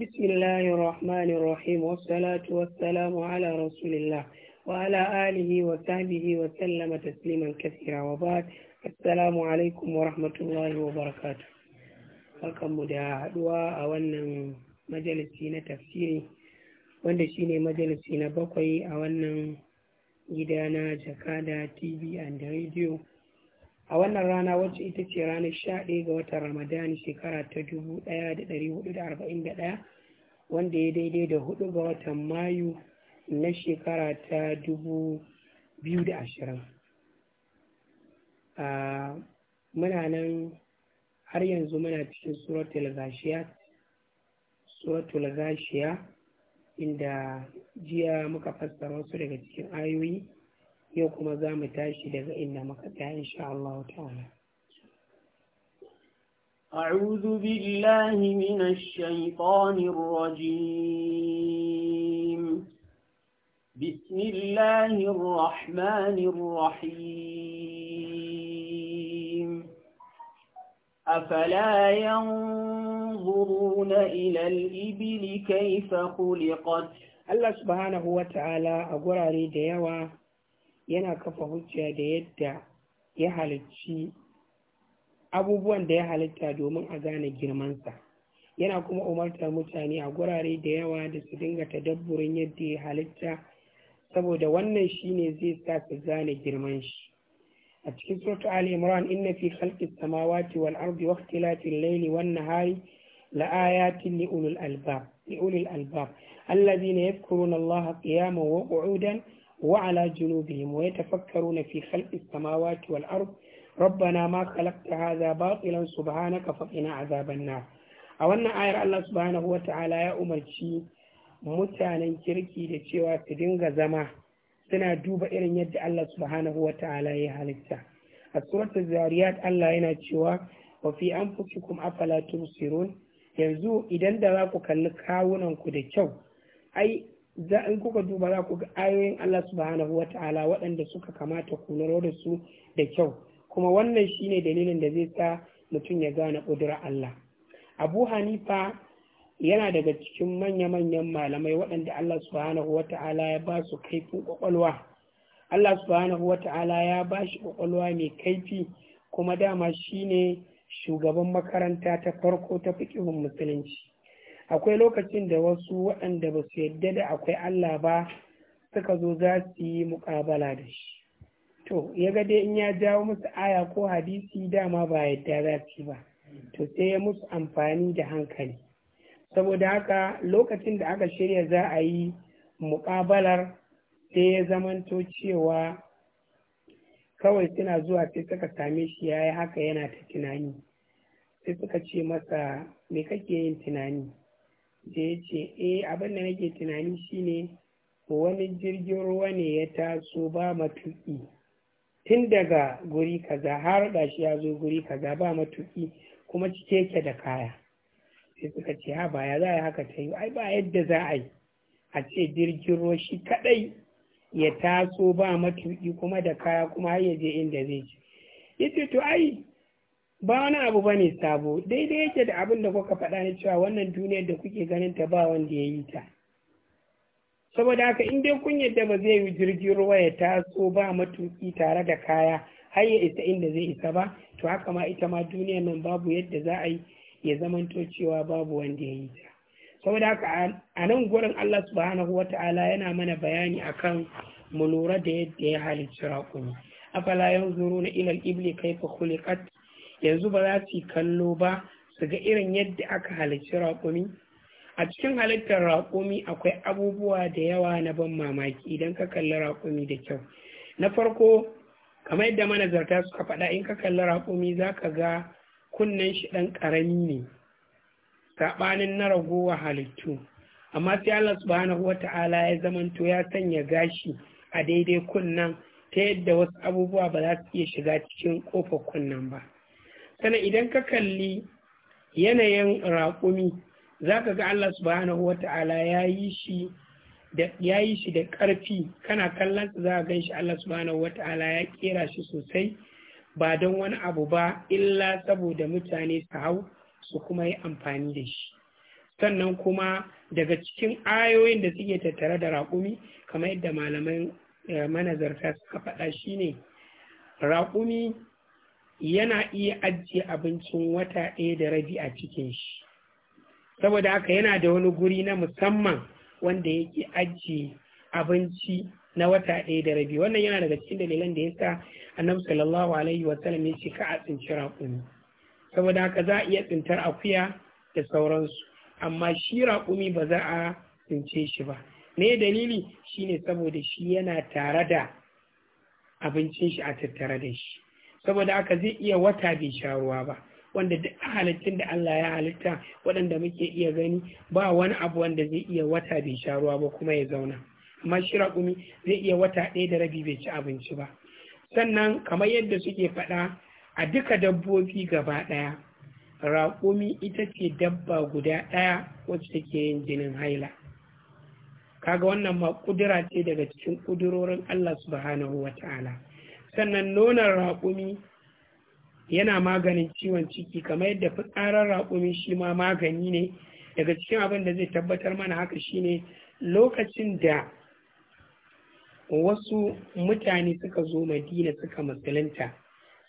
بسم الله الرحمن الرحيم والصلاة والسلام على رسول الله وعلى آله وصحبه وسلم تسليما كثيرا وبعد السلام عليكم ورحمة الله وبركاته Barkanmu da haɗuwa a wannan majalisi na tafsiri wanda shine majalisi na bakwai a wannan gida na Jakada TV and Radio. a wannan rana wacce ita ce ranar sha ɗaya ga watan ramadani shekara ta dubu ɗaya da ɗari hudu da arba'in da ɗaya wanda ya daidai da hudu ga watan mayu na shekara ta dubu biyu da ashirin muna nan har yanzu muna cikin suratul gashiya inda jiya muka fassara wasu daga cikin ayoyi yau kuma za mu tashi daga inda muka tsaya insha Allah ta'ala أعوذ بالله من الشيطان الرجيم بسم الله الرحمن الرحيم أفلا ينظرون إلى الإبل كيف خلقت الله سبحانه وتعالى أقرأ ريديوه yana kafa hujja da yadda ya halicci abubuwan da ya halitta domin a gane girmansa yana kuma umartar mutane a gurare da yawa da su dinga tadabburin yadda ya halitta saboda wannan shine zai sa su gane girman shi a cikin surtu ali imran inna fi khalqis samawati wal ardi wa ikhtilafil layli wan nahari la ayatin li ulul albab li ulul albab alladhina yadhkuruna allaha qiyaman wa qu'udan وعلى جنوبهم ويتفكرون في خلق السماوات والأرض ربنا ما خلقت هذا باطلا سبحانك فقنا عذاب النار a wannan ayar Allah subhanahu wa ta'ala ya umarci mutanen kirki da cewa su dinga zama suna duba irin yadda Allah subhanahu wa ta'ala ya halitta a suratul zariyat Allah yana cewa wa fi anfusikum afala tubsirun yanzu idan da za ku kalli kawunan ku da kyau ai za in kuka duba za ku ga ayoyin Allah subhanahu ta'ala waɗanda suka kamata ku lura da su da kyau kuma wannan shine dalilin da zai sa mutum ya gane ƙudurar Allah Abu Hanifa yana daga cikin manya-manyan malamai waɗanda Allah subhanahu ta'ala ya ba su kaifin ƙwaƙwalwa Allah subhanahu ta'ala ya ba shi ƙwaƙwalwa mai kaifi kuma dama shine shugaban makaranta ta farko ta fiƙihun musulunci akwai lokacin da wasu waɗanda ba su yadda da akwai Allah ba suka zo za su yi muƙabala da shi to ya ga dai in ya jawo musu aya ko hadisi dama ba yadda za su ba to sai ya musu amfani da hankali saboda haka lokacin da aka shirya za a yi muƙabalar sai ya zamanto cewa kawai suna zuwa sai suka same shi ya yi haka yana ta tunani sai suka ce masa me kake yin tunani da ya ce eh abin da nake tunani shine wani jirgin ruwa ne ya taso ba matuƙi tun daga guri kaza har gashi ya zo guri kaza ba matuƙi kuma cike yake da kaya sai suka ce ha ba ya za a haka ta yi ai ba yadda za a yi a ce jirgin ruwa shi kadai ya taso ba matuƙi kuma da kaya kuma har ya je inda zai ci yace to ai ba wani abu ba ne sabo daidai yake da abin da kuka faɗa na cewa wannan duniyar da kuke ganin ta ba wanda ya yi ta saboda haka in dai kun yadda ba zai yi jirgin ruwa ya taso ba matuki tare da kaya har ya isa inda zai isa ba to haka ma ita ma duniyar nan babu yadda za a yi ya zamanto cewa babu wanda ya yi ta saboda haka a nan gurin Allah subhanahu wata'ala yana mana bayani akan mu lura da yadda ya halicci raƙumi afala yanzuruna ila al-ibli kaifa khuliqat yanzu ba za su kallo ba su ga irin yadda aka halarci raƙumi a cikin halittar raƙumi akwai abubuwa da yawa na ban mamaki idan ka kalli raƙumi da kyau na farko kamar yadda manazarta suka faɗa in ka kalli raƙumi za ka ga kunnen shi ɗan ƙarami ne saɓanin na ragowa halittu amma sai Allah subhanahu wa ta'ala ya zamanto ya sanya gashi a daidai kunnen ta yadda wasu abubuwa ba za su iya shiga cikin ƙofar kunnen ba sannan idan ka kalli yanayin raƙumi za ka ga Allah subhanahu wa ta'ala ya yi shi da ƙarfi kana kallon za a gan shi Allah subhanahu wa ta'ala ya ƙera shi sosai ba don wani abu ba illa saboda mutane su hau su kuma yi amfani da shi sannan kuma daga cikin ayoyin da suke tattare da raƙumi kamar yadda malaman eh, manazarta suka faɗa shine raƙumi yana iya ajiye abincin wata ɗaya da rabi a cikin shi saboda haka yana da wani guri na musamman wanda yake ajiye abinci na wata ɗaya da rabi wannan yana daga cikin dalilan da ya sa annabi sallallahu alaihi wa sallam ya ce ka a tsinci raƙumi saboda haka za a iya tsintar akuya da sauransu amma shi raƙumi ba za a tsince shi ba me dalili shine saboda shi yana tare da abincin shi a tattare da shi saboda aka zai iya wata bai sha ruwa ba wanda duk halittun da Allah ya halitta waɗanda muke iya gani ba wani abu wanda zai iya wata bai sha ruwa ba kuma ya zauna amma shira kumi zai iya wata ɗaya da rabi bai ci abinci ba sannan kamar yadda suke faɗa a duka dabbobi gaba ɗaya raƙumi ita ce dabba guda ɗaya wacce take yin jinin haila kaga wannan ma ƙudura ce daga cikin ƙudurorin Allah subhanahu wa ta'ala sannan nonon raƙumi yana maganin ciwon ciki kamar yadda fitsarar raƙumi shi ma magani ne daga cikin abin da zai tabbatar mana haka shine lokacin da wasu mutane suka zo madina suka musulunta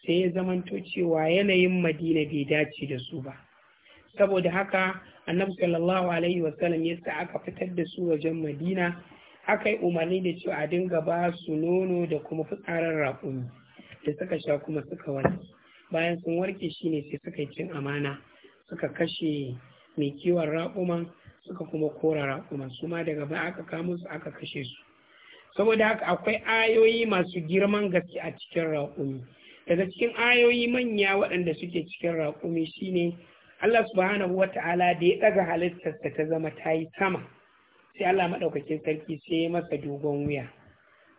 sai ya zamanto cewa yanayin madina bai dace da su ba saboda haka annabi sallallahu alaihi wasallam ya sa aka fitar da su wajen madina aka yi umarni da cewa a dinga ba su nono da kuma fitsarin raƙumi da suka sha kuma suka wani, bayan sun warke shi ne sai suka yi cin amana suka kashe mai kiwon raƙuman suka kuma kora raƙuman su ma daga baya aka kamo su aka kashe su saboda haka akwai ayoyi masu girman gaske a cikin raƙumi daga cikin ayoyi manya waɗanda suke cikin raƙumi shine Allah subhanahu wata'ala da ya ɗaga halittarsa ta zama ta yi sama sai Allah maɗaukakin sarki sai ya masa dogon wuya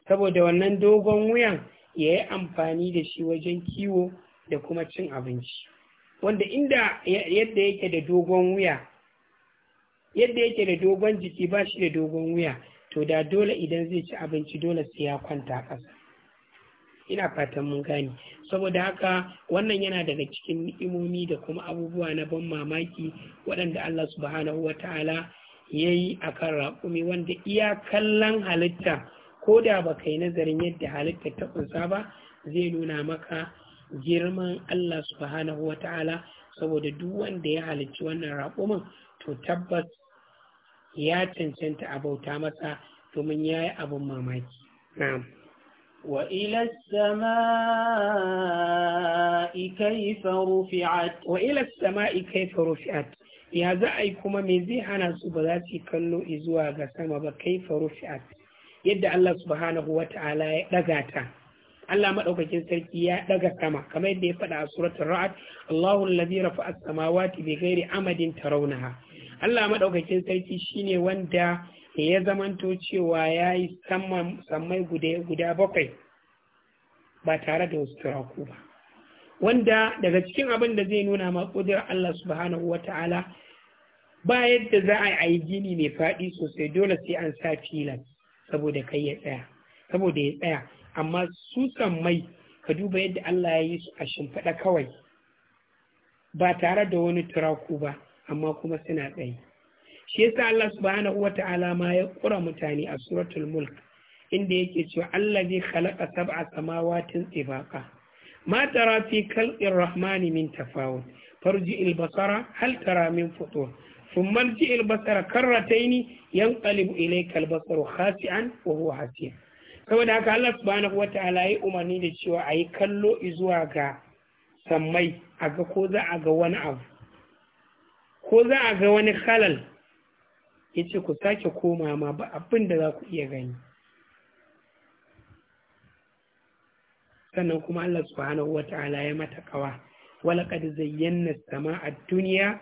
saboda wannan dogon wuyan ya yi amfani da shi wajen kiwo da kuma cin abinci wanda inda yadda yake da dogon wuya yadda yake da dogon jiki ba shi da dogon wuya to da dole idan zai ci abinci dole sai ya kwanta ƙasa ina fatan mun gane saboda haka wannan yana daga cikin ni'imomi da kuma abubuwa na ban mamaki waɗanda Allah subhanahu wa ta'ala ya yi a kan raƙumi wanda iya kallon halitta ko da ba ka yi nazarin yadda halitta ta ƙunsa ba zai nuna maka girman Allah subhanahu wa ta'ala saboda duk wanda ya halicci wannan raƙumin to tabbas ya cancanta a bauta masa domin ya yi abin mamaki. وإلى السماء كيف رفعت وإلى السماء كيف رفعت ya za a yi kuma me zai hana su ba za su yi kallo zuwa ga sama ba kai farufi'at yadda Allah subhanahu wa ta'ala ya daga ta Allah maɗaukakin sarki ya daga sama kamar yadda ya faɗa a suratul ra'd Allahu allazi rafa'a as-samawati gairi amadin ta tarawnaha Allah maɗaukakin sarki shine wanda ya zamanto cewa yi sammai saman guda bakwai ba tare da wasu turaku ba wanda daga cikin abin da zai nuna ma ƙudurar Allah subhanahu wa ta'ala ba yadda za a yi gini mai faɗi sosai dole sai an sa filan saboda kai ya tsaya saboda ya tsaya amma su mai ka duba yadda Allah ya yi su a shimfiɗa kawai ba tare da wani turaku ba amma kuma suna tsaye shi yasa Allah subhanahu wa ta'ala ma ya ƙura mutane a suratul mulk inda yake cewa Allah zai khalaqa sab'a samawatin tibaqa ما ترى في خلق الرحمن من تفاوت فرجع البصر هل ترى من فطور ثم ارجع البصر كرتين ينقلب إليك البصر خاسئا وهو حسير saboda haka Allah subhanahu wata'ala ya umarni da cewa a yi kallo zuwa ga sammai a ga ko za a ga wani abu ko za a ga wani halal ya ce ku sake koma ma ba abin da za ku iya gani sannan kuma Allah subhanahu ta'ala ya mata kawa kad zayyana as-sama'a ad-dunya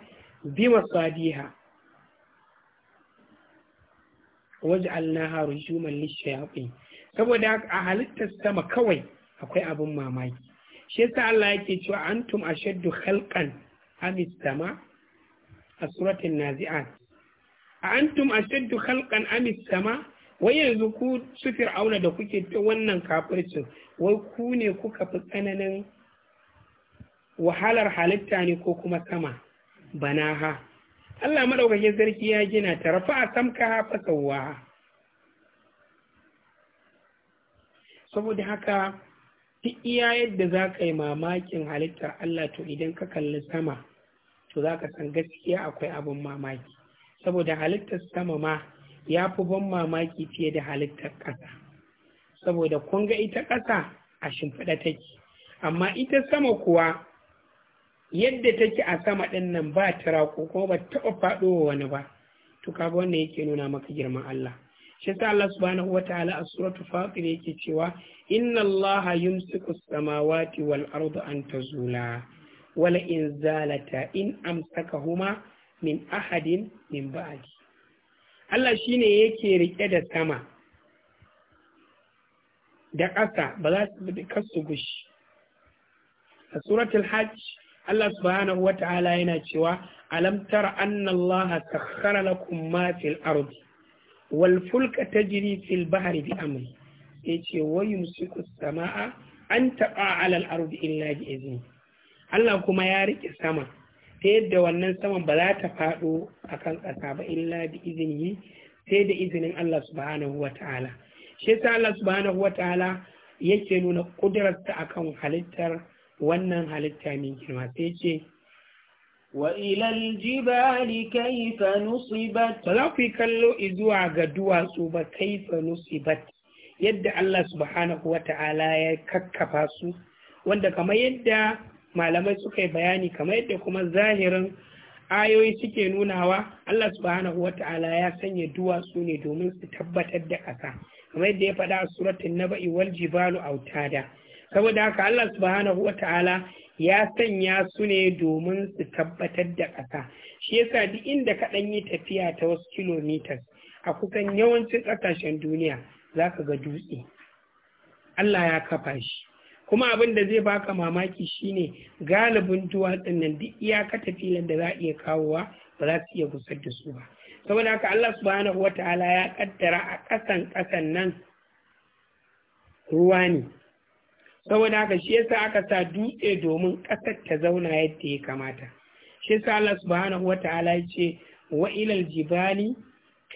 waj'alnaha rujuman lish saboda a halittar sama kawai akwai abin mamaki shi yasa Allah yake cewa antum ashaddu khalqan am sama a suratul nazi'at antum ashaddu khalqan am sama wai yanzu ku su fir'auna da kuke ta wannan kafircin wai ku ne kuka fi tsananin wahalar halitta ne ko kuma sama Bana ha, Allah maɗaukakin sarki ya gina ta rafa a samka fa sauwa saboda haka duk iya yadda za ka yi mamakin halittar Allah to idan ka kalli sama to za ka san gaskiya akwai abin mamaki saboda halittar sama ma ya fi ban mamaki fiye da halittar ƙasa. saboda kun ga ita ƙasa a shimfiɗa take amma ita sama kuwa yadda take a sama ɗin nan ba ta rako kuma ba taɓa faɗowa wani ba to kaga wannan yake nuna maka girman Allah shi yasa Allah subhanahu wataala a suratu fatir yake cewa inna allaha yumsiku samawati wal ardu an tazula wala in zalata in amsakahuma min ahadin min ba'di Allah shine yake rike da sama da ƙasa ba za su bi kasu gushi a suratul hajj Allah subhanahu wa ta'ala yana cewa alam tara anna Allah sakhkhara lakum ma fil ardi wal fulka tajri fil bahri bi amri yace wa yumsiku samaa an taqa ala al ardi illa bi izini. Allah kuma ya riƙe sama ta yadda wannan saman ba za ta faɗo kan ƙasa ba illa bi izini sai da izinin Allah subhanahu wa ta'ala shi yasa Allah subhanahu wataala yake nuna a akan halittar wannan halitta mai girma sai ce wa ilal jibali kayfa nusibat ba za ku yi kallo zuwa ga duwatsu ba kayfa nusibat yadda Allah subhanahu wataala ya kakkafa su wanda kamar yadda malamai suka yi bayani kamar yadda kuma zahirin ayoyi suke nunawa Allah subhanahu wata'ala ya sanya duwatsu ne domin su tabbatar da ƙasa kamar yadda ya faɗa a na ba'i wal jibalu autada saboda haka Allah subhanahu wa ta'ala ya sanya su ne domin su tabbatar da ƙasa shi yasa duk inda kaɗan yi tafiya ta wasu kilomitas a kusan yawancin ƙasashen duniya za ka ga dutse Allah ya kafa shi kuma abin da zai baka mamaki shine galibin duwatsun nan duk iyaka tafilan da za a iya kawowa ba za su iya gusar da su ba saboda haka Allah subhanahu wa ta'ala ya kaddara a ƙasan ƙasan nan ruwa ne saboda haka shi yasa aka sa dutse domin ƙasar ta zauna yadda ya kamata shi yasa Allah subhanahu ta'ala ya ce wa ilal jibali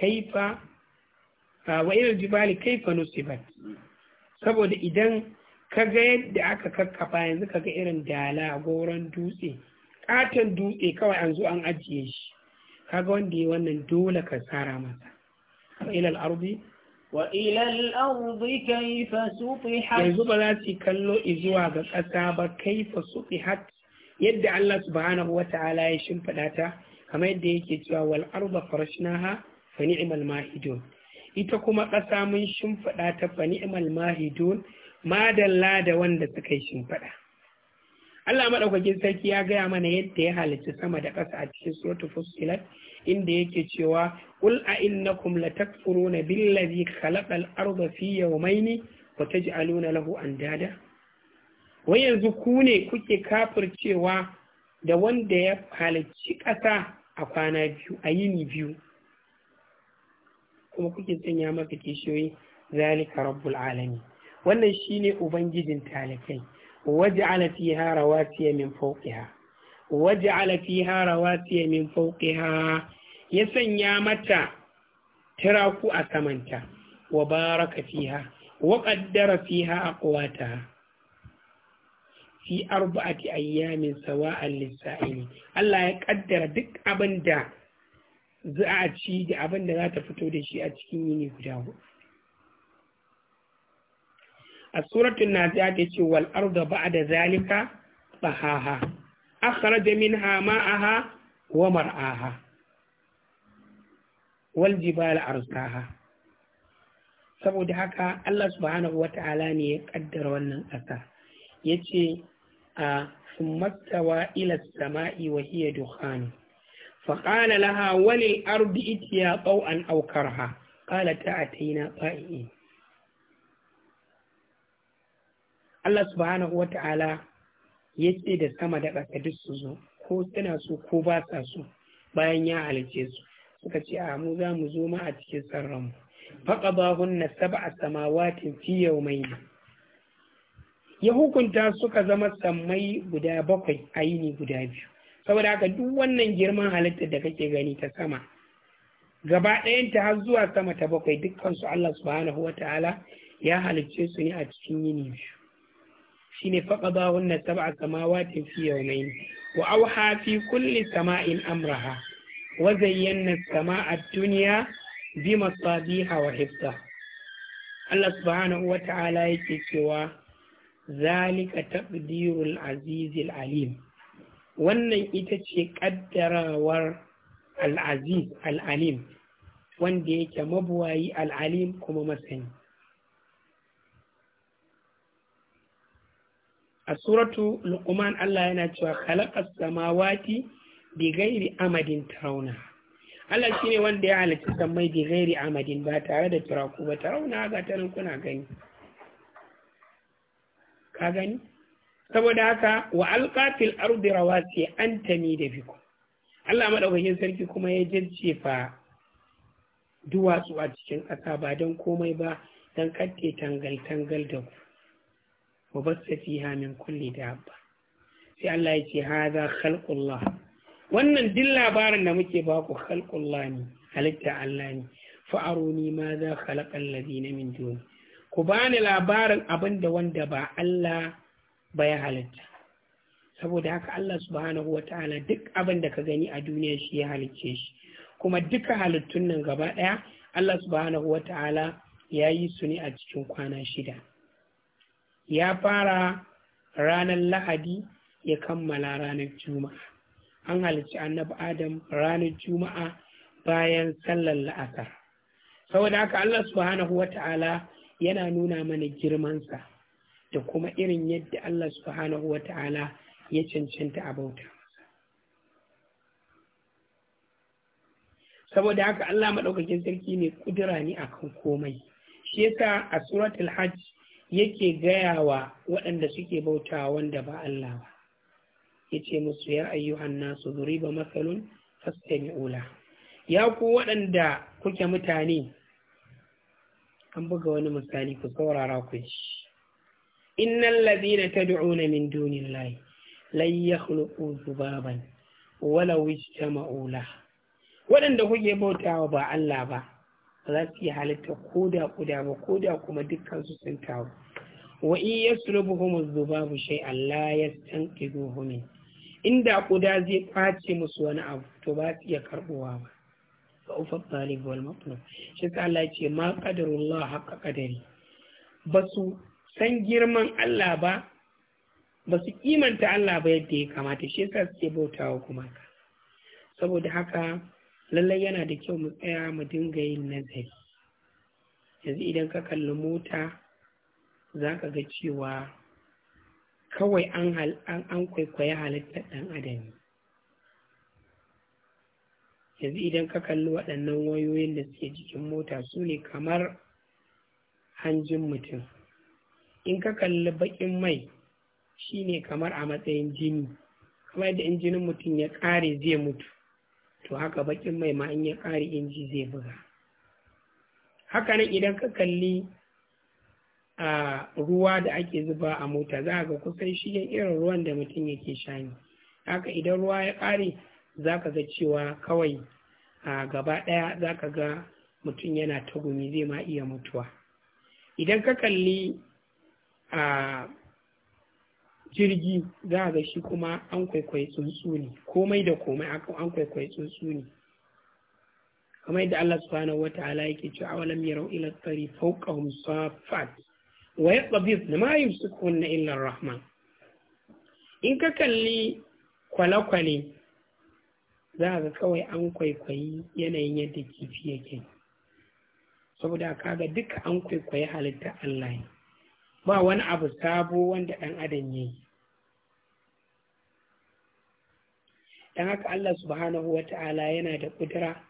kaifa wa ilal jibali kaifa nusibat saboda idan ka ga yadda aka kakkafa yanzu ka ga irin dala goron dutse katon dutse kawai an zo an ajiye shi kaga wanda ya wannan dole ka tsara masa wa ilal ardi wa ilal ardi kayfa sutihat yanzu ba za su kallo zuwa ga ƙasa ba kayfa sutihat yadda Allah subhanahu wata'ala ya shimfiɗa ta kamar yadda yake cewa wal arda farashnaha fa ni'mal mahidun ita kuma ƙasa mun shimfiɗa ta fa ni'mal mahidun madalla da wanda suka yi shimfiɗa Allah maɗaukakin sarki ya gaya mana yadda ya halarci sama da ƙasa a cikin suratul fussilat inda yake cewa qul a innakum latakfuruna billazi khalaqal arda fi yawmayni wa taj'aluna lahu andada wai yanzu ku ne kuke kafircewa da wanda ya halarci ƙasa a kwana biyu a yini biyu kuma kuke sanya maka kishiyoyi zalika rabbul alamin wannan shine ubangijin talakai waj'ala fiha rawasiya min fawqiha waj'ala fiha ya sanya mata tiraku a samanta wa baraka fiha wa qaddara fiha aqwataha fi arba'ati ayyamin sawa'an lis-sa'ili Allah ya ƙaddara duk abin da za ci da abin da ta fito da shi a cikin yini guda hudu a suratun naziya ta ce wal arda da zalika bahaha akhraja minha aha, wa mar'aha wal jibala arsaha saboda haka Allah subhanahu wata'ala ne ya kaddara wannan ƙasa yace a sumattawa ila sama'i wa hiya dukhan فقال لها وللأرض اتيا طوعا أو كرها قالت أتينا طائعين Allah subhanahu wa ta'ala ya ce da sama da ƙasa duk su zo ko suna su ko ba sa so bayan ya halice su suka ce a mu za mu zo ma a cikin mu. Faƙa sarranmu na sab'a a samawatin fi yawmayni ya hukunta suka zama sammai guda bakwai a yini guda biyu saboda haka duk wannan girman halitta da kake gani ta sama gaba ɗayanta har zuwa sama ta bakwai dukkansu Allah subhanahu wa ta'ala ya halicce su ne a cikin yini biyu shine faqada hunna sab'a samawati fi yawmayn wa awha fi kulli sama'in amraha wa zayyana as-sama'a ad-dunya bi masabiha wa hifza Allah subhanahu wa ta'ala yake cewa zalika taqdirul azizil alim wannan ita ce kaddarawar al-aziz al-alim wanda yake mabuwayi al-alim kuma masani a suratu luqman Allah yana cewa khalaqas samawati bi ghairi amadin tarawna Allah shine wanda ya halitta samai bi ghairi amadin ba tare da turaku ba tarawna ga tarin kuna gani ka gani saboda haka wa alqa fil ardi rawasi antami da biku Allah madaukakin sarki kuma ya fa duwatsu a cikin ƙasa ba don komai ba don katte tangal-tangal da ku wa basta hamin min da dabba sai Allah ya ce haza khalqullah wannan duk labarin da muke ba ku khalqullah ne halitta Allah ne Fa'aroni ma za khalaqa alladhina min duni ku bani labarin abin da wanda ba Allah ba ya halitta saboda haka Allah subhanahu ta'ala duk abin da ka gani a duniya shi ya halicce shi kuma duka halittun nan gaba daya Allah subhanahu ta'ala ya yi su ne a cikin kwana shida ya fara ranar lahadi ya kammala ranar juma'a an halicci annabi adam ranar juma'a bayan sallar la'asar saboda haka allah subhanahu wa ta'ala yana nuna mana girmansa da kuma irin yadda allah subhanahu wa ta'ala ya cancanta a bauta saboda haka allah maɗaukakin sarki ne kudura ne akan komai shi yasa a suratul hajj yake gaya wa waɗanda suke bautawa wanda ba Allah ba yace musu ya ayyuhan nasu duriba masalun fastami'ula ya ku waɗanda kuke mutane an buga wani misali ku saurara ku shi innal ladina tad'una min dunillahi lan yakhluqu dhubaban walau ijtama'u lahu waɗanda kuke bautawa ba Allah ba za su iya halitta ko da kuda ba ko da kuma dukkan su sun taru wa in yaslubuhum adh zubabu shay'an la yastanqidhuhu min inda kuda zai kwace musu wani abu to ba su iya karbowa ba fa ufa talib wal matlub shi ta Allah ce ma qadarullah haqqa qadari su san girman Allah ba ba su kimanta Allah ba yadda ya kamata shi yasa suke bautawa kuma saboda haka lallai yana da kyau mu tsaya mu dinga yin nazari yanzu idan ka kalli mota za ka ga cewa kawai an kwaikwayi halittar ɗan adam yanzu idan ka kalli waɗannan wayoyin da suke jikin mota su ne kamar hanjin mutum in ka kalli baƙin mai shi ne kamar a matsayin jini kamar da in jinin mutum ya ƙare zai mutu to haka bakin mai ma in ya ƙari inji zai buga haka nan idan ka kalli a ruwa da ake zuba a mota za ga kusan shi irin ruwan da mutum yake sha ne haka idan ruwa ya ƙare za ka ga cewa kawai a gaba ɗaya za ka ga mutum yana tagumi zai ma iya mutuwa idan ka kalli a jirgi za ga shi kuma an kwaikwayi tsuntsu ne komai da komai an kwaikwayi tsuntsu ne kamar yadda Allah subhanahu wata'ala yake cewa awalam yarau ila tsari fawqahum fat wa na ma na illa rahman in ka kalli kwale-kwale za ga kawai an kwaikwayi yanayin yadda kifi yake saboda kaga duka an kwaikwayi halitta Allah ne ba wani abu sabo wanda ɗan adam ya yi don haka Allah subhanahu wa ta'ala yana da ƙudura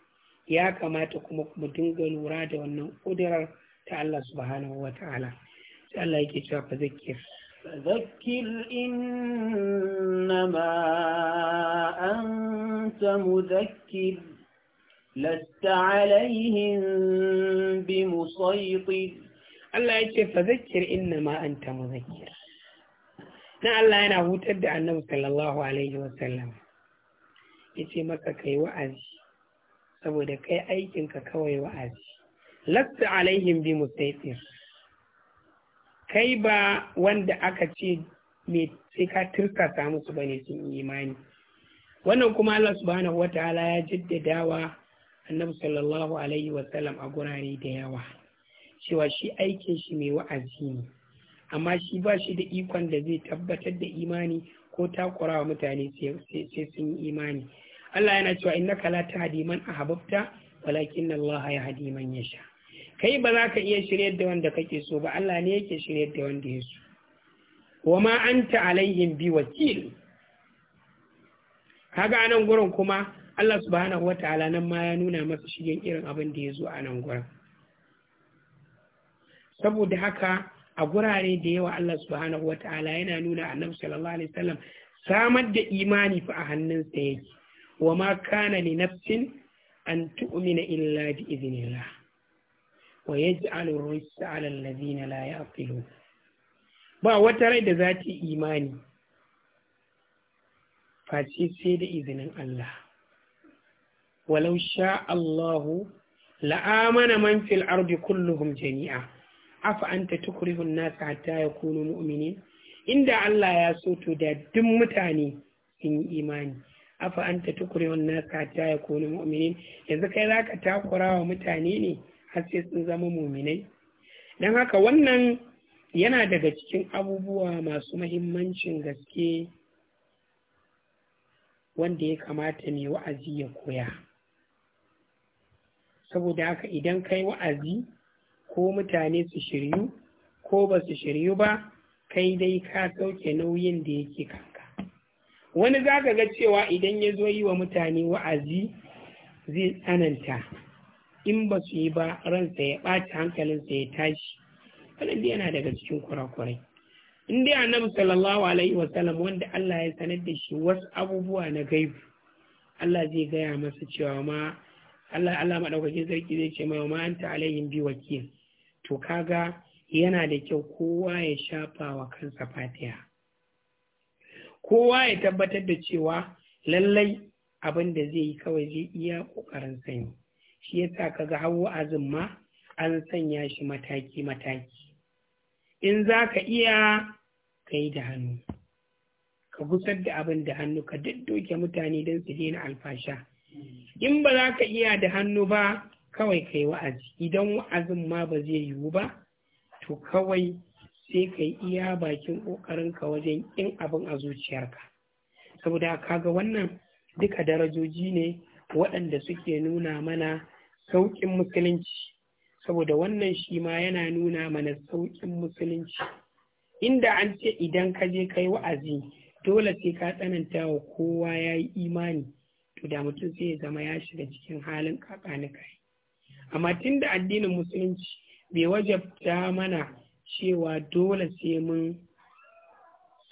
ya kamata kuma mu dinga lura da wannan ƙudurar ta Allah subhanahu wa ta'ala sai Allah yake cewa fa zakir فذكر إنما أنت مذكر لست عليهم بمسيطر Allah ya ce fa zakkir inna ma anta muzakir. na Allah yana hutar da annabi sallallahu alaihi wasallam ya ce maka kai wa'azi saboda kai aikinka kawai wa'azi lasta alaihim bi musaitir kai ba wanda aka ce me sai ka turka samu su bane sun imani wannan kuma Allah subhanahu wataala ya jaddadawa annabi sallallahu alaihi wasallam a gurare da yawa cewa shi aikin shi mai wa'azi ne amma shi ba shi da ikon da zai tabbatar da imani ko takurawa mutane sai sun yi imani Allah yana cewa innaka la tahdi man ahbabta walakin Allah ya hadi man sha. kai ba za ka iya shiryar da wanda kake so ba Allah ne yake shiryar da wanda ya so wa ma anta alaihim bi wakil kaga anan gurin kuma Allah subhanahu wataala nan ma ya nuna masa shigen irin abin da ya zo a nan gurin saboda haka a gurare da yawa Allah subhanahu wa ta'ala yana nuna annabi sallallahu alaihi wasallam samar da imani fa a sa yake wa ma kana li nafsin an tu'mina illa bi idhnillah wa yaj'alu rijsa 'ala alladhina la ya'qilun ba wata rai da za ta imani face sai da izinin Allah walau sha Allahu la'amana man fil ardi kulluhum jami'a afa anta tukrihu an hatta yakunu mu'minin inda Allah ya so to da duk mutane sun yi imani afa anta tukrihu an hatta yakunu mu'minin yanzu kai zaka takura wa mutane ne har sai sun zama mu'minai dan haka wannan yana daga cikin abubuwa masu mahimmancin gaske wanda ya kamata mai wa'azi ya koya saboda haka idan kai wa'azi ko mutane su shiryu ko ba su shiryu ba kai dai ka sauke nauyin da yake kanka wani za ka ga cewa idan ya zo yi wa mutane wa'azi zai tsananta in ba su yi ba ransa ya ɓaci hankalinsa ya tashi wannan yana daga cikin kurakurai in dai annabi sallallahu alaihi wasallam wanda Allah ya sanar da shi wasu abubuwa na gaibu Allah zai gaya masa cewa ma Allah Allah madaukakin sarki zai ce mai ma anta alaihim bi wakil to kaga yana da kyau kowa ya shafa wa kansa Fatiya. kowa ya tabbatar da cewa lallai abin da zai yi kawai zai iya ƙoƙarin sanyi, shi yasa kaga hawa azin ma an sanya shi mataki-mataki in za ka iya ka yi da hannu ka gusar da abin da hannu ka daddoke mutane don su daina alfasha in ba za ka iya da hannu ba kawai kai wa'azi idan wa'azin ma ba zai yiwu ba to kawai sai ka yi iya bakin ƙoƙarinka wajen in abin a zuciyarka saboda kaga wannan duka darajoji ne waɗanda suke nuna mana sauƙin musulunci saboda wannan shi ma yana nuna mana sauƙin musulunci inda an ce idan ka je kai wa'azi dole sai ka tsananta wa kowa ya yi imani to da mutum sai ya zama ya shiga cikin halin kakanikai amma tun da addinin musulunci bai wajabta mana cewa dole sai mun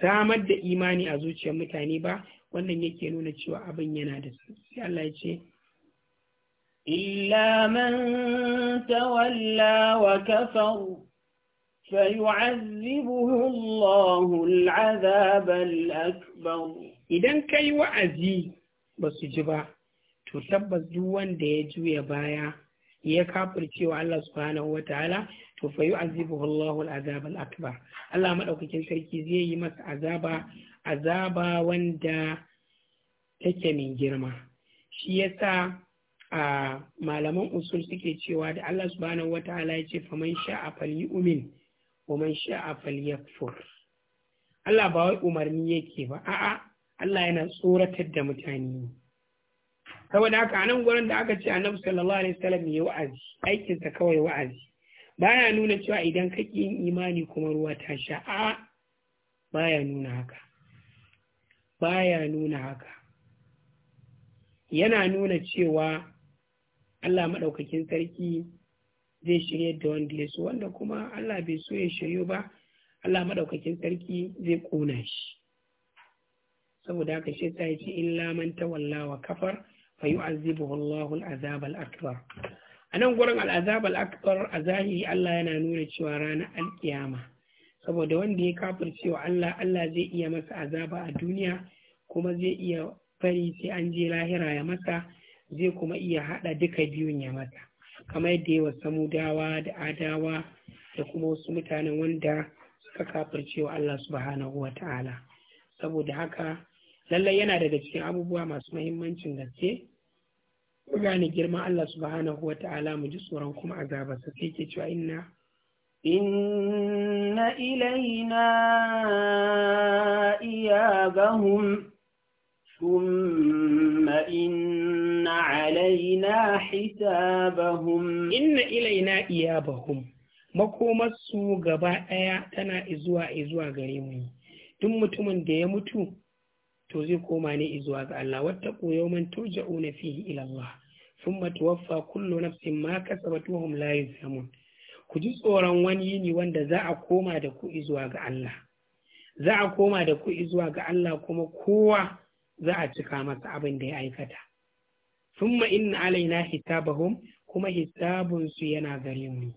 samar da imani a zuciyar mutane ba wannan yake nuna cewa abin yana da sai Allah ya ce illa man tawalla wa kafar fayu'azzibuhu Allah al'azab al'akbar idan kai wa'azi ba su ji ba to tabbas duk wanda ya juya baya ya cewa Allah subhanahu wa ta'ala to fa yu'azibuhu Allahu al-azab al-akbar Allah madaukakin sarki zai yi masa azaba azaba wanda take min girma shi yasa a malaman usul suke cewa da Allah subhanahu wa ta'ala ya ce faman sha'a 'umin, wa man sha'a falyakfur Allah ba wai umarni yake ba a'a Allah yana tsoratar da mutane saboda haka a nan gurin da aka ce annabi sallallahu alaihi wasallam ya wa'azi aikinsa kawai wa'azi baya nuna cewa idan ka yin imani kuma ruwa ta sha a baya nuna haka baya nuna haka yana nuna cewa Allah maɗaukakin sarki zai shirya da wanda ya so wanda kuma Allah bai so ya shiryo ba Allah maɗaukakin sarki zai ƙona shi saboda haka shi ta ce illa man tawalla wa kafar fayu'azzibuhu Allahu al-azab al-akbar anan gurin al-azab al-akbar a zahiri Allah yana nuna cewa ranar alkiyama saboda wanda ya kafirce wa Allah Allah zai iya masa azaba a duniya kuma zai iya fari sai an je lahira ya masa zai kuma iya hada duka biyun ya masa kamar yadda yawa samudawa da adawa da kuma wasu mutanen wanda suka kafirce wa Allah subhanahu wa ta'ala saboda haka lallai yana daga cikin abubuwa masu mahimmancin gaske ku gane girman Allah subhanahu wa ta'ala mu ji tsoron kuma azabarsa sai ke cewa inna inna ilaina iyabahum ثم Inna علينا حسابهم إن إلينا إيابهم makomarsu gaba ɗaya tana izuwa izuwa gare mu duk mutumin da ya mutu to zai koma ne izuwa ga Allah Wata man yawman turja'una fihi ila Allah thumma tuwaffa kullu nafsin ma kasabat wa hum la ku ji tsoron wani yini wanda za a koma da ku zuwa ga Allah za a koma da ku zuwa ga Allah kuma kowa za a cika masa abin da ya aikata thumma inna alaina hisabahum kuma hisabun su yana gare mu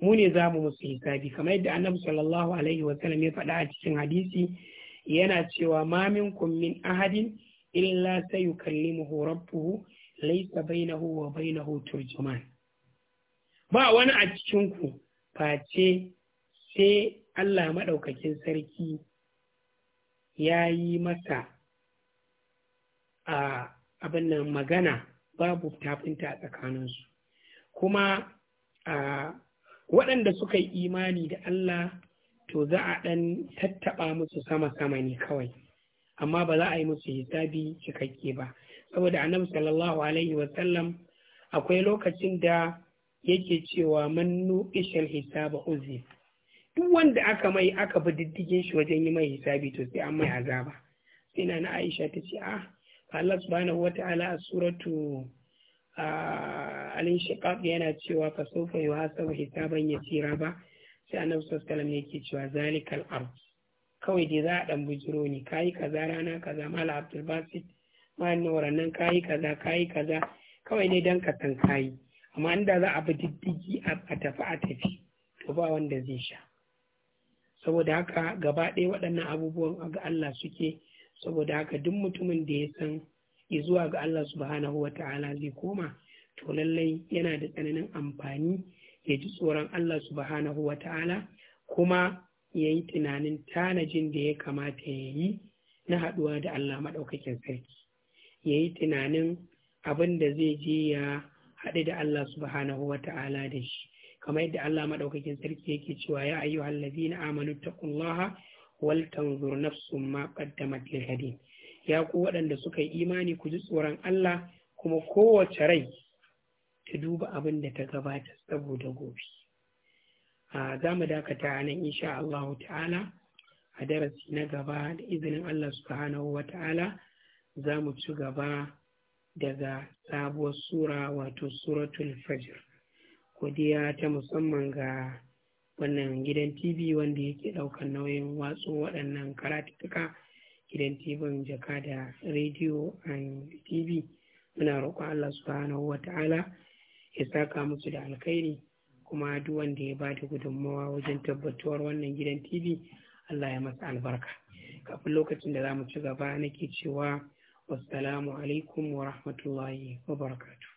mu ne za mu musu hisabi kamar yadda annabi sallallahu alaihi wa sallam ya faɗa a cikin hadisi yana cewa mamin minkum ahadin illa sayukallimuhu rabbuhu laisa bainahu wa bainahu turjuman ba wani a cikin ku face sai Allah maɗaukakin sarki ya yi masa a abin nan magana babu tafinta a tsakaninsu kuma a waɗanda suka yi imani da Allah to za a ɗan tattaɓa musu sama-sama ne kawai amma ba za a yi musu hisabi cikakke ba saboda annabi sallallahu alaihi wasallam akwai lokacin da yake cewa mannu ishal hisaba uzi duk wanda aka mai aka bi diddigin shi wajen yi mai hisabi to sai an mai azaba sai na Aisha ta ce ah Allah subhanahu wata'ala a suratu ah, alin inshiqaq yana cewa fa sawfa yuhasabu hisaban yasira ba sai annabi sallallahu alaihi yake cewa zalikal ard kawai dai za a dan bujiro ni kayi kaza rana kaza mala abdul basit mala warannan kayi kaza kayi kaza kawai ne dan ka san kayi amma inda za a bi diddigi a tafi a tafi to ba wanda zai sha saboda haka gaba ɗaya waɗannan abubuwan ga Allah suke saboda haka duk mutumin da ya san zuwa ga Allah subhanahu wa ta'ala zai koma to lallai yana da tsananin amfani ya ji tsoron Allah subhanahu wa ta'ala kuma ya yi tunanin tanajin da ya kamata ya yi na haɗuwa da Allah maɗaukakin sarki ya yi tunanin abin da zai je ya haɗe da Allah subhanahu wa ta'ala da shi kamar yadda Allah maɗaukakin sarki yake cewa ya ayyu hallazi na amanu ta wal tanzur nafsum ma qaddamat li ya ku waɗanda suka yi imani ku ji tsoron Allah kuma kowace rai ta duba abin da ta gabata saboda gobe za mu dakata nan insha Allah ta'ala a darasi na gaba da izinin Allah subhanahu wa ta'ala za mu ci gaba daga sabuwar sura wato suratul fajr godiya ta musamman ga wannan gidan tv wanda yake ɗaukar nauyin watsu waɗannan karatuka gidan tv jaka da rediyo and tv muna roƙon allah subhanahu wa ta'ala ya saka musu da alkhairi kuma duk wanda ya bada gudummawa wajen tabbatuwar wannan gidan tv Allah ya masa albarka kafin lokacin da za mu ci gaba nake cewa wassalamu alaikum wa rahmatullahi wa barakatuh